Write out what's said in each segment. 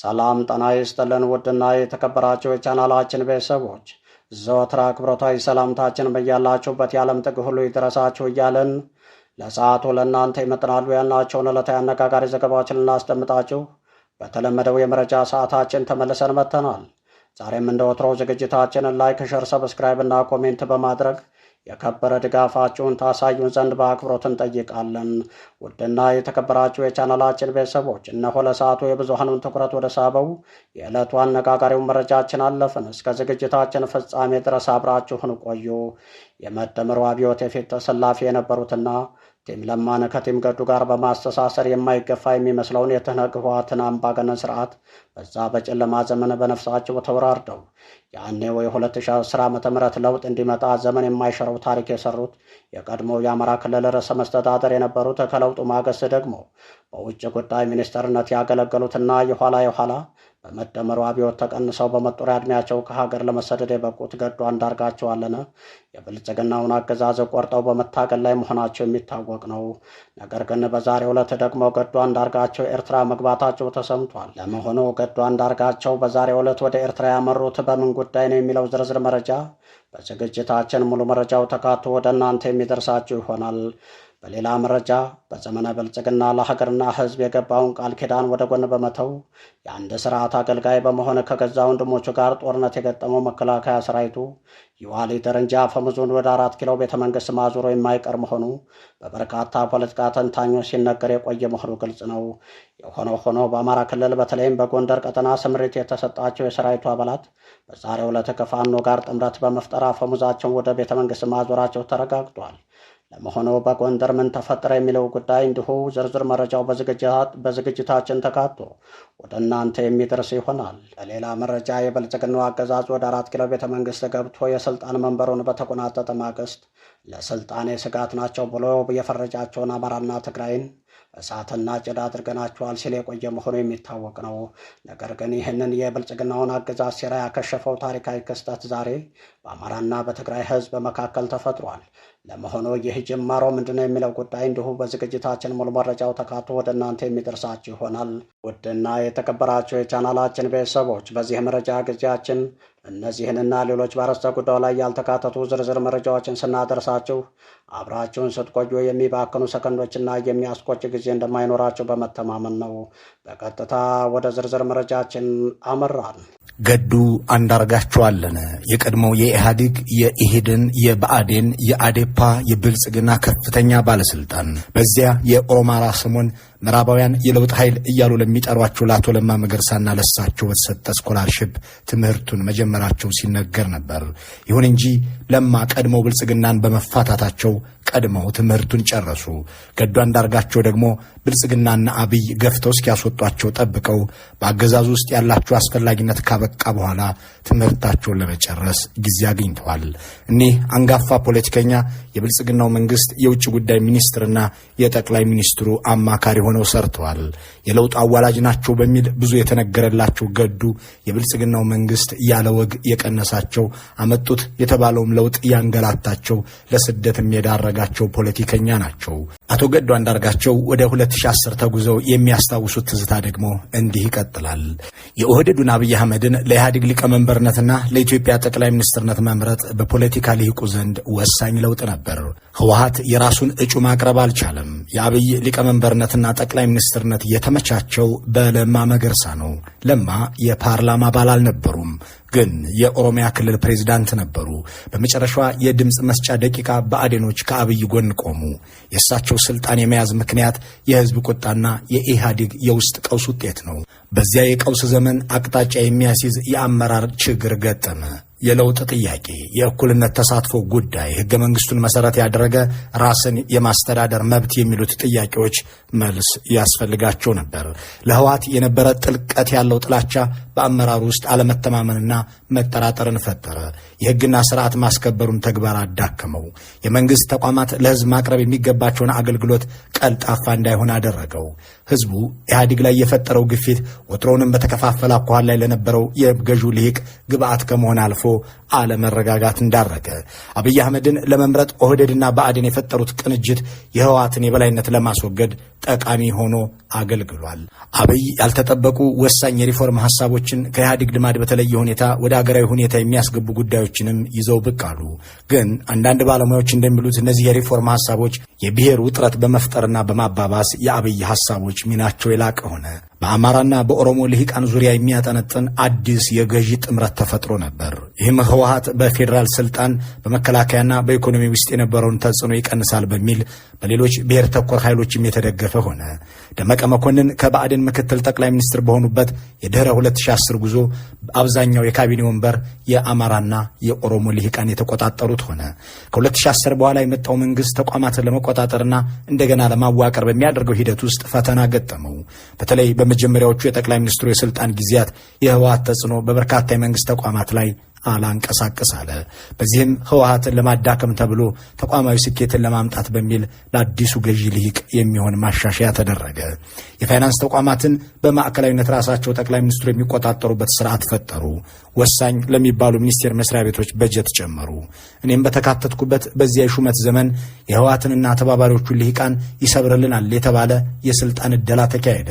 ሰላም ጠና ይስጥልን ውድና የተከበራቸው የቻናላችን ቤተሰቦች ዘወትር አክብሮታዊ ሰላምታችን በያላችሁበት የዓለም ጥግ ሁሉ ይድረሳችሁ እያልን ለሰዓቱ ለእናንተ ይመጥናሉ ያልናቸውን ዕለታዊ አነጋጋሪ ዘገባዎችን እናስደምጣችሁ በተለመደው የመረጃ ሰዓታችን ተመልሰን መጥተናል። ዛሬም እንደ ወትሮው ዝግጅታችንን ላይክ፣ ሸር፣ ሰብስክራይብ እና ኮሜንት በማድረግ የከበረ ድጋፋችሁን ታሳዩን ዘንድ በአክብሮት እንጠይቃለን። ውድና የተከበራችሁ የቻናላችን ቤተሰቦች እነሆ ለሰዓቱ የብዙሃኑን ትኩረት ወደ ሳበው የዕለቱ አነጋጋሪው መረጃችን አለፍን። እስከ ዝግጅታችን ፍጻሜ ድረስ አብራችሁን ቆዩ። የመደመሩ አብዮት የፊት ተሰላፊ የነበሩትና ከቲም ከቲምገዱ ጋር በማስተሳሰር የማይገፋ የሚመስለውን የትህነግ ህወሓትን አምባገነን ስርዓት በዛ በጨለማ ዘመን በነፍሳቸው ተወራርደው ያኔ ወይ 2010 ዓ ም ለውጥ እንዲመጣ ዘመን የማይሸረው ታሪክ የሰሩት የቀድሞ የአማራ ክልል ርዕሰ መስተዳደር የነበሩት ከለውጡ ማግስት ደግሞ በውጭ ጉዳይ ሚኒስትርነት ያገለገሉትና የኋላ የኋላ በመደመሩ አብዮት ተቀንሰው በመጦሪያ ዕድሜያቸው ከሀገር ለመሰደድ የበቁት ገዱ አንዳርጋቸው አለነ የብልጽግናውን አገዛዝ ቆርጠው በመታገል ላይ መሆናቸው የሚታወቅ ነው። ነገር ግን በዛሬው ዕለት ደግሞ ገዱ አንዳርጋቸው ኤርትራ መግባታቸው ተሰምቷል። ለመሆኑ ገዱ አንዳርጋቸው በዛሬው ዕለት ወደ ኤርትራ ያመሩት በምን ጉዳይ ነው የሚለው ዝርዝር መረጃ በዝግጅታችን ሙሉ መረጃው ተካቶ ወደ እናንተ የሚደርሳችሁ ይሆናል። በሌላ መረጃ በዘመነ ብልጽግና ለሀገርና ሕዝብ የገባውን ቃል ኪዳን ወደ ጎን በመተው የአንድ ስርዓት አገልጋይ በመሆን ከገዛ ወንድሞቹ ጋር ጦርነት የገጠመው መከላከያ ሰራዊቱ የዋሊድር እንጂ አፈሙዙን ወደ አራት ኪሎ ቤተ መንግስት ማዙሮ የማይቀር መሆኑ በበርካታ ፖለቲካ ተንታኞች ሲነገር የቆየ መሆኑ ግልጽ ነው። የሆነ ሆኖ በአማራ ክልል በተለይም በጎንደር ቀጠና ስምሪት የተሰጣቸው የሰራዊቱ አባላት በዛሬው ዕለት ከፋኖ ጋር ጥምረት በመፍጠር አፈሙዛቸውን ወደ ቤተ መንግስት ማዞራቸው ተረጋግጧል። ለመሆኑ በጎንደር ምን ተፈጠረ የሚለው ጉዳይ እንዲሁ ዝርዝር መረጃው በዝግጅታችን ተካቶ ወደ እናንተ የሚደርስ ይሆናል። በሌላ መረጃ የብልጽግናው አገዛዝ ወደ አራት ኪሎ ቤተ መንግስት ገብቶ የስልጣን መንበሩን በተቆናጠጠ ማግስት ለስልጣኔ ስጋት ናቸው ብሎ የፈረጃቸውን አማራና ትግራይን እሳትና ጭድ አድርገናቸዋል ሲል የቆየ መሆኑ የሚታወቅ ነው። ነገር ግን ይህንን የብልጽግናውን አገዛዝ ሴራ ያከሸፈው ታሪካዊ ክስተት ዛሬ በአማራና በትግራይ ሕዝብ መካከል ተፈጥሯል። ለመሆኑ ይህ ጅማሮ ምንድነው የሚለው ጉዳይ እንዲሁ በዝግጅታችን ሙሉ መረጃው ተካቶ ወደ እናንተ የሚደርሳችሁ ይሆናል። ውድና የተከበራችሁ የቻናላችን ቤተሰቦች በዚህ መረጃ ጊዜያችን እነዚህንና ሌሎች በአርዕስተ ጉዳዩ ላይ ያልተካተቱ ዝርዝር መረጃዎችን ስናደርሳችሁ አብራችሁን ስትቆዩ የሚባክኑ ሰከንዶችና የሚያስቆጭ ጊዜ እንደማይኖራችሁ በመተማመን ነው። በቀጥታ ወደ ዝርዝር መረጃችን አመራን። ገዱ አንዳርጋቸው የቀድሞው የኢህአዴግ የኢህድን፣ የብአዴን፣ የአዴፓ፣ የብልጽግና ከፍተኛ ባለስልጣን በዚያ የኦሮማራ ስሙን ምዕራባውያን የለውጥ ኃይል እያሉ ለሚጠሯቸው ለአቶ ለማ መገርሳና ለሳቸው በተሰጠ ስኮላርሽፕ ትምህርቱን መጀመራቸው ሲነገር ነበር። ይሁን እንጂ ለማ ቀድመው ብልጽግናን በመፋታታቸው ቀድመው ትምህርቱን ጨረሱ። ገዱ አንዳርጋቸው ደግሞ ብልጽግናና አብይ ገፍተው እስኪያስወጧቸው ጠብቀው በአገዛዙ ውስጥ ያላቸው አስፈላጊነት ካበቃ በኋላ ትምህርታቸውን ለመጨረስ ጊዜ አግኝተዋል። እኒህ አንጋፋ ፖለቲከኛ የብልጽግናው መንግስት የውጭ ጉዳይ ሚኒስትርና የጠቅላይ ሚኒስትሩ አማካሪ ሆነው ሰርተዋል። የለውጥ አዋላጅ ናቸው በሚል ብዙ የተነገረላቸው ገዱ የብልጽግናው መንግስት ያለ ወግ የቀነሳቸው አመጡት የተባለውም ለውጥ ያንገላታቸው ለስደት የሚዳረጋቸው ፖለቲከኛ ናቸው። አቶ ገዱ አንዳርጋቸው ወደ 2010 ተጉዘው የሚያስታውሱት ትዝታ ደግሞ እንዲህ ይቀጥላል። የኦህደዱን አብይ አህመድን ለኢህአዴግ ሊቀመንበርነትና ለኢትዮጵያ ጠቅላይ ሚኒስትርነት መምረጥ በፖለቲካ ሊህቁ ዘንድ ወሳኝ ለውጥ ነበር። ህወሀት የራሱን እጩ ማቅረብ አልቻለም። የአብይ ሊቀመንበርነትና ጠቅላይ ሚኒስትርነት የተመቻቸው በለማ መገርሳ ነው። ለማ የፓርላማ አባል አልነበሩም፣ ግን የኦሮሚያ ክልል ፕሬዚዳንት ነበሩ። በመጨረሻ የድምፅ መስጫ ደቂቃ በአዴኖች ከአብይ ጎን ቆሙ። የእሳቸው ስልጣን የመያዝ ምክንያት የህዝብ ቁጣና የኢህአዴግ የውስጥ ቀውስ ውጤት ነው። በዚያ የቀውስ ዘመን አቅጣጫ የሚያስይዝ የአመራር ችግር ገጠመ። የለውጥ ጥያቄ፣ የእኩልነት ተሳትፎ ጉዳይ፣ ህገ መንግስቱን መሰረት ያደረገ ራስን የማስተዳደር መብት የሚሉት ጥያቄዎች መልስ ያስፈልጋቸው ነበር። ለህወሓት የነበረ ጥልቀት ያለው ጥላቻ በአመራሩ ውስጥ አለመተማመንና መጠራጠርን ፈጠረ። የሕግና ስርዓት ማስከበሩን ተግባር አዳከመው። የመንግሥት ተቋማት ለሕዝብ ማቅረብ የሚገባቸውን አገልግሎት ቀልጣፋ እንዳይሆን አደረገው። ሕዝቡ ኢህአዲግ ላይ የፈጠረው ግፊት ወትሮውንም በተከፋፈለ አኳኋን ላይ ለነበረው የገዢው ልሂቅ ግብአት ከመሆን አልፎ አለመረጋጋት እንዳረገ አብይ አህመድን ለመምረጥ ኦህደድና ብአዴን የፈጠሩት ቅንጅት የህወሓትን የበላይነት ለማስወገድ ጠቃሚ ሆኖ አገልግሏል። አብይ ያልተጠበቁ ወሳኝ የሪፎርም ሀሳቦች ጉዳዮችን ከኢህአዴግ ልማድ በተለየ ሁኔታ ወደ አገራዊ ሁኔታ የሚያስገቡ ጉዳዮችንም ይዘው ብቅ አሉ። ግን አንዳንድ ባለሙያዎች እንደሚሉት እነዚህ የሪፎርም ሀሳቦች የብሔር ውጥረት በመፍጠርና በማባባስ የአብይ ሀሳቦች ሚናቸው የላቀ ሆነ። በአማራና በኦሮሞ ልሂቃን ዙሪያ የሚያጠነጥን አዲስ የገዢ ጥምረት ተፈጥሮ ነበር። ይህም ህወሀት በፌዴራል ስልጣን በመከላከያና በኢኮኖሚ ውስጥ የነበረውን ተጽዕኖ ይቀንሳል በሚል በሌሎች ብሔር ተኮር ኃይሎችም የተደገፈ ሆነ። ደመቀ መኮንን ከብአዴን ምክትል ጠቅላይ ሚኒስትር በሆኑበት የድኅረ 2010 ጉዞ አብዛኛው የካቢኔ ወንበር የአማራና የኦሮሞ ልሂቃን የተቆጣጠሩት ሆነ። ከ2010 በኋላ የመጣው መንግስት ተቋማትን ለመቆጣጠርና እንደገና ለማዋቀር በሚያደርገው ሂደት ውስጥ ፈተና ገጠመው። በተለይ በመጀመሪያዎቹ የጠቅላይ ሚኒስትሩ የስልጣን ጊዜያት የህወሓት ተጽዕኖ በበርካታ የመንግስት ተቋማት ላይ አላንቀሳቀስ አለ። በዚህም ህወሀትን ለማዳከም ተብሎ ተቋማዊ ስኬትን ለማምጣት በሚል ለአዲሱ ገዢ ልሂቅ የሚሆን ማሻሻያ ተደረገ። የፋይናንስ ተቋማትን በማዕከላዊነት ራሳቸው ጠቅላይ ሚኒስትሩ የሚቆጣጠሩበት ስርዓት ፈጠሩ። ወሳኝ ለሚባሉ ሚኒስቴር መስሪያ ቤቶች በጀት ጨመሩ። እኔም በተካተትኩበት በዚያ የሹመት ዘመን የህወሀትንና ተባባሪዎቹን ልሂቃን ይሰብርልናል የተባለ የስልጣን እደላ ተካሄደ።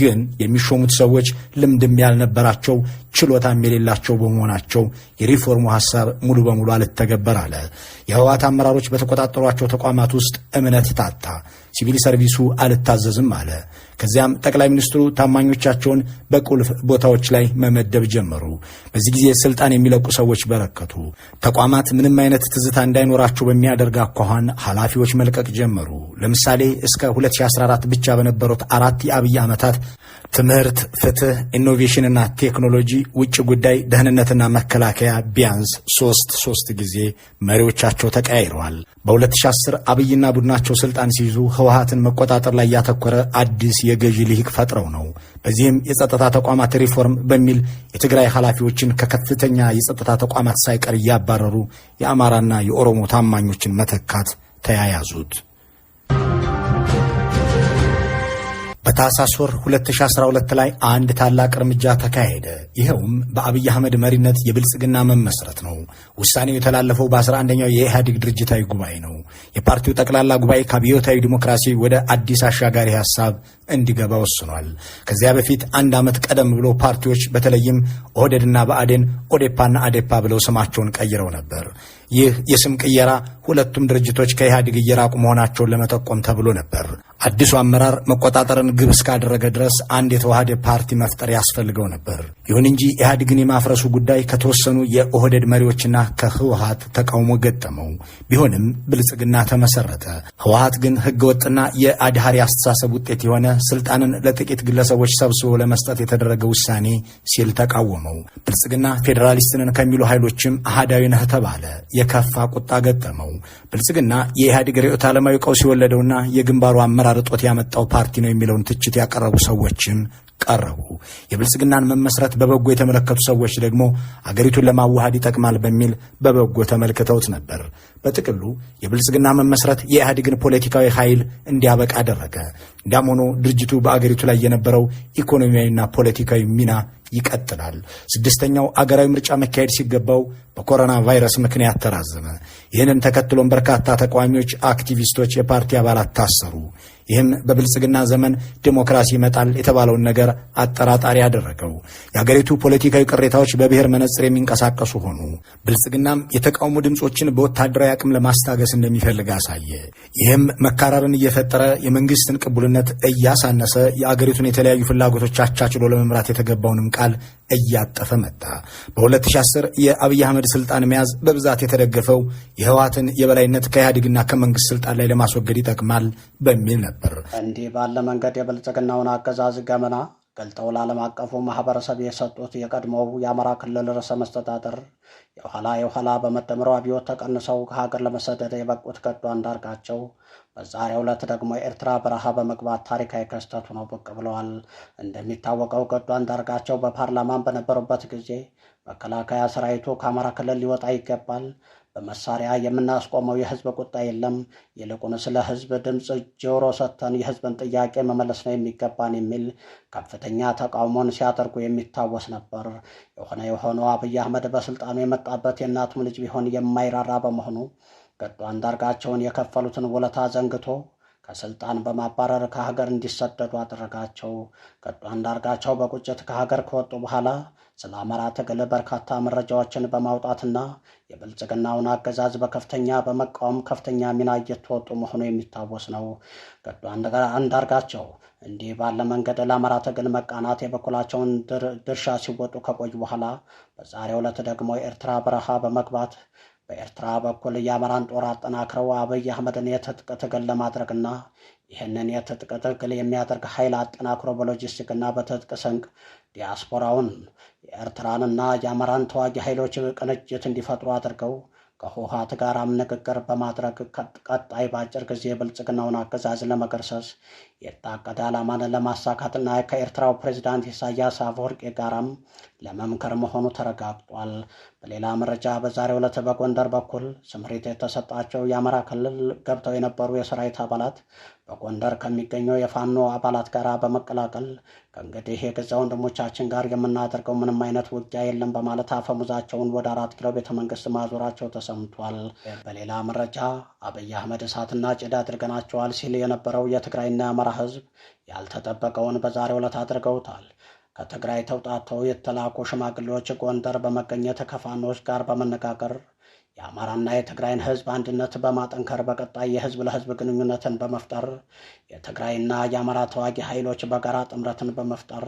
ግን የሚሾሙት ሰዎች ልምድም ያልነበራቸው ችሎታም የሌላቸው በመሆናቸው የሪፎርሙ ሐሳብ ሙሉ በሙሉ አልተገበር አለ። የህወሓት አመራሮች በተቆጣጠሯቸው ተቋማት ውስጥ እምነት ታጣ፣ ሲቪል ሰርቪሱ አልታዘዝም አለ። ከዚያም ጠቅላይ ሚኒስትሩ ታማኞቻቸውን በቁልፍ ቦታዎች ላይ መመደብ ጀመሩ። በዚህ ጊዜ ስልጣን የሚለቁ ሰዎች በረከቱ። ተቋማት ምንም አይነት ትዝታ እንዳይኖራቸው በሚያደርግ አኳኋን ኃላፊዎች መልቀቅ ጀመሩ። ለምሳሌ እስከ 2014 ብቻ በነበሩት አራት የአብይ ዓመታት ትምህርት፣ ፍትህ፣ ኢኖቬሽንና ቴክኖሎጂ፣ ውጭ ጉዳይ፣ ደህንነትና መከላከያ ቢያንስ ሶስት ሶስት ጊዜ መሪዎቻቸው ተቀያይረዋል። በ2010 አብይና ቡድናቸው ስልጣን ሲይዙ ህወሀትን መቆጣጠር ላይ ያተኮረ አዲስ የገዢ ልሂቅ ፈጥረው ነው። በዚህም የጸጥታ ተቋማት ሪፎርም በሚል የትግራይ ኃላፊዎችን ከከፍተኛ የጸጥታ ተቋማት ሳይቀር እያባረሩ የአማራና የኦሮሞ ታማኞችን መተካት ተያያዙት። በታህሳስ ወር 2012 ላይ አንድ ታላቅ እርምጃ ተካሄደ። ይኸውም በአብይ አህመድ መሪነት የብልጽግና መመስረት ነው። ውሳኔው የተላለፈው በ11ኛው የኢህአዴግ ድርጅታዊ ጉባኤ ነው። የፓርቲው ጠቅላላ ጉባኤ ከአብዮታዊ ዲሞክራሲ ወደ አዲስ አሻጋሪ ሀሳብ እንዲገባ ወስኗል። ከዚያ በፊት አንድ ዓመት ቀደም ብሎ ፓርቲዎች በተለይም ኦህደድና ብአዴን፣ ኦዴፓና አዴፓ ብለው ስማቸውን ቀይረው ነበር። ይህ የስም ቅየራ ሁለቱም ድርጅቶች ከኢህአዴግ እየራቁ መሆናቸውን ለመጠቆም ተብሎ ነበር። አዲሱ አመራር መቆጣጠርን ግብ እስካደረገ ድረስ አንድ የተዋሃደ ፓርቲ መፍጠር ያስፈልገው ነበር። ይሁን እንጂ ኢህአዲግን የማፍረሱ ጉዳይ ከተወሰኑ የኦህደድ መሪዎችና ከህወሀት ተቃውሞ ገጠመው። ቢሆንም ብልጽግና ተመሰረተ። ህወሀት ግን ህገወጥና የአድሃሪ አስተሳሰብ ውጤት የሆነ ስልጣንን ለጥቂት ግለሰቦች ሰብስቦ ለመስጠት የተደረገ ውሳኔ ሲል ተቃወመው። ብልጽግና ፌዴራሊስትንን ከሚሉ ኃይሎችም አህዳዊ ነህ ተባለ። የከፋ ቁጣ ገጠመው። ብልጽግና የኢህአዲግ ርዕዮተ ዓለማዊ ቀውስ የወለደውና የግንባሩ አመራር እጦት ያመጣው ፓርቲ ነው የሚለውን ትችት ያቀረቡ ሰዎችም ቀረቡ። የብልጽግናን መመስረት በበጎ የተመለከቱ ሰዎች ደግሞ አገሪቱን ለማዋሃድ ይጠቅማል በሚል በበጎ ተመልክተውት ነበር። በጥቅሉ የብልጽግና መመስረት የኢህአዴግን ፖለቲካዊ ኃይል እንዲያበቃ አደረገ። እንዲያም ሆኖ ድርጅቱ በአገሪቱ ላይ የነበረው ኢኮኖሚያዊና ፖለቲካዊ ሚና ይቀጥላል። ስድስተኛው አገራዊ ምርጫ መካሄድ ሲገባው በኮሮና ቫይረስ ምክንያት ተራዘመ። ይህንን ተከትሎም በርካታ ተቃዋሚዎች፣ አክቲቪስቶች፣ የፓርቲ አባላት ታሰሩ። ይህም በብልጽግና ዘመን ዴሞክራሲ ይመጣል የተባለውን ነገር አጠራጣሪ ያደረገው። የአገሪቱ ፖለቲካዊ ቅሬታዎች በብሔር መነጽር የሚንቀሳቀሱ ሆኑ። ብልጽግናም የተቃውሞ ድምፆችን በወታደራዊ አቅም ለማስታገስ እንደሚፈልግ አሳየ። ይህም መካረርን እየፈጠረ የመንግስትን ቅቡልነት እያሳነሰ የአገሪቱን የተለያዩ ፍላጎቶች አቻችሎ ለመምራት የተገባውንም ቃል እያጠፈ መጣ። በ2010 የአብይ አህመድ ስልጣን መያዝ በብዛት የተደገፈው የህወሓትን የበላይነት ከኢህአዴግና ከመንግስት ስልጣን ላይ ለማስወገድ ይጠቅማል በሚል ነበር። እንዲህ ባለ መንገድ የብልጽግናውን አገዛዝ ገመና ገልጠው ለዓለም አቀፉ ማህበረሰብ የሰጡት የቀድሞው የአማራ ክልል ርዕሰ መስተዳደር የኋላ የኋላ በመደምረው አብዮት ተቀንሰው ከሀገር ለመሰደድ የበቁት ገዱ አንዳርጋቸው በዛሬው ዕለት ደግሞ የኤርትራ በረሃ በመግባት ታሪካዊ ክስተት ሆነው ብቅ ብለዋል። እንደሚታወቀው ገዱ አንዳርጋቸው በፓርላማን በነበሩበት ጊዜ መከላከያ ሰራዊቱ ከአማራ ክልል ሊወጣ ይገባል፣ በመሳሪያ የምናስቆመው የህዝብ ቁጣ የለም። ይልቁን ስለ ህዝብ ድምፅ ጆሮ ሰጥተን የህዝብን ጥያቄ መመለስ ነው የሚገባን የሚል ከፍተኛ ተቃውሞን ሲያደርጉ የሚታወስ ነበር። የሆነ የሆነው አብይ አህመድ በስልጣኑ የመጣበት የእናቱም ልጅ ቢሆን የማይራራ በመሆኑ ገዱ አንዳርጋቸውን የከፈሉትን ውለታ ዘንግቶ ከስልጣን በማባረር ከሀገር እንዲሰደዱ አደረጋቸው። ገዱ አንዳርጋቸው በቁጭት ከሀገር ከወጡ በኋላ ስለ አማራ ትግል በርካታ መረጃዎችን በማውጣትና የብልጽግናውን አገዛዝ በከፍተኛ በመቃወም ከፍተኛ ሚና እየተወጡ መሆኑ የሚታወስ ነው። ገዱ አንዳርጋቸው እንዲህ ባለ መንገድ ለአማራ ትግል መቃናት የበኩላቸውን ድርሻ ሲወጡ ከቆዩ በኋላ በዛሬው ዕለት ደግሞ ኤርትራ በረሃ በመግባት በኤርትራ በኩል የአማራን ጦር አጠናክረው አብይ አህመድን የትጥቅ ትግል ለማድረግና ይህንን የትጥቅ ትግል የሚያደርግ ኃይል አጠናክሮ በሎጂስቲክና በትጥቅ ስንቅ ዲያስፖራውን የኤርትራንና የአማራን ተዋጊ ኃይሎች ቅንጅት እንዲፈጥሩ አድርገው ከህወሓት ጋራም ንግግር በማድረግ ቀጣይ በአጭር ጊዜ የብልጽግናውን አገዛዝ ለመገርሰስ የታቀደ ዓላማን ለማሳካትና ከኤርትራው ፕሬዚዳንት ኢሳያስ አፈወርቂ ጋራም ለመምከር መሆኑ ተረጋግጧል። በሌላ መረጃ በዛሬው ዕለት በጎንደር በኩል ስምሪት የተሰጣቸው የአማራ ክልል ገብተው የነበሩ የሰራዊት አባላት በጎንደር ከሚገኘው የፋኖ አባላት ጋር በመቀላቀል ከእንግዲህ የገዛ ወንድሞቻችን ጋር የምናደርገው ምንም አይነት ውጊያ የለም በማለት አፈሙዛቸውን ወደ አራት ኪሎ ቤተ መንግስት ማዞራቸው ተሰምቷል። በሌላ መረጃ አብይ አህመድ እሳትና ጭድ አድርገናቸዋል ሲል የነበረው የትግራይና የአማራ ህዝብ ያልተጠበቀውን በዛሬው ዕለት አድርገውታል። ከትግራይ ተውጣተው የተላኩ ሽማግሌዎች ጎንደር በመገኘት ከፋኖች ጋር በመነጋገር የአማራና የትግራይን ህዝብ አንድነት በማጠንከር በቀጣይ የህዝብ ለህዝብ ግንኙነትን በመፍጠር የትግራይና የአማራ ተዋጊ ኃይሎች በጋራ ጥምረትን በመፍጠር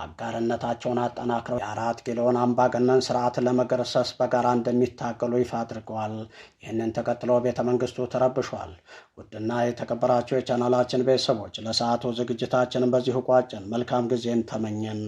አጋርነታቸውን አጠናክረው የአራት ኪሎን አምባገነን ስርዓት ለመገርሰስ በጋራ እንደሚታገሉ ይፋ አድርገዋል። ይህንን ተከትሎ ቤተ መንግስቱ ተረብሿል። ውድና የተከበራቸው የቻናላችን ቤተሰቦች ለሰዓቱ ዝግጅታችንን በዚሁ ቋጭን። መልካም ጊዜን ተመኘን።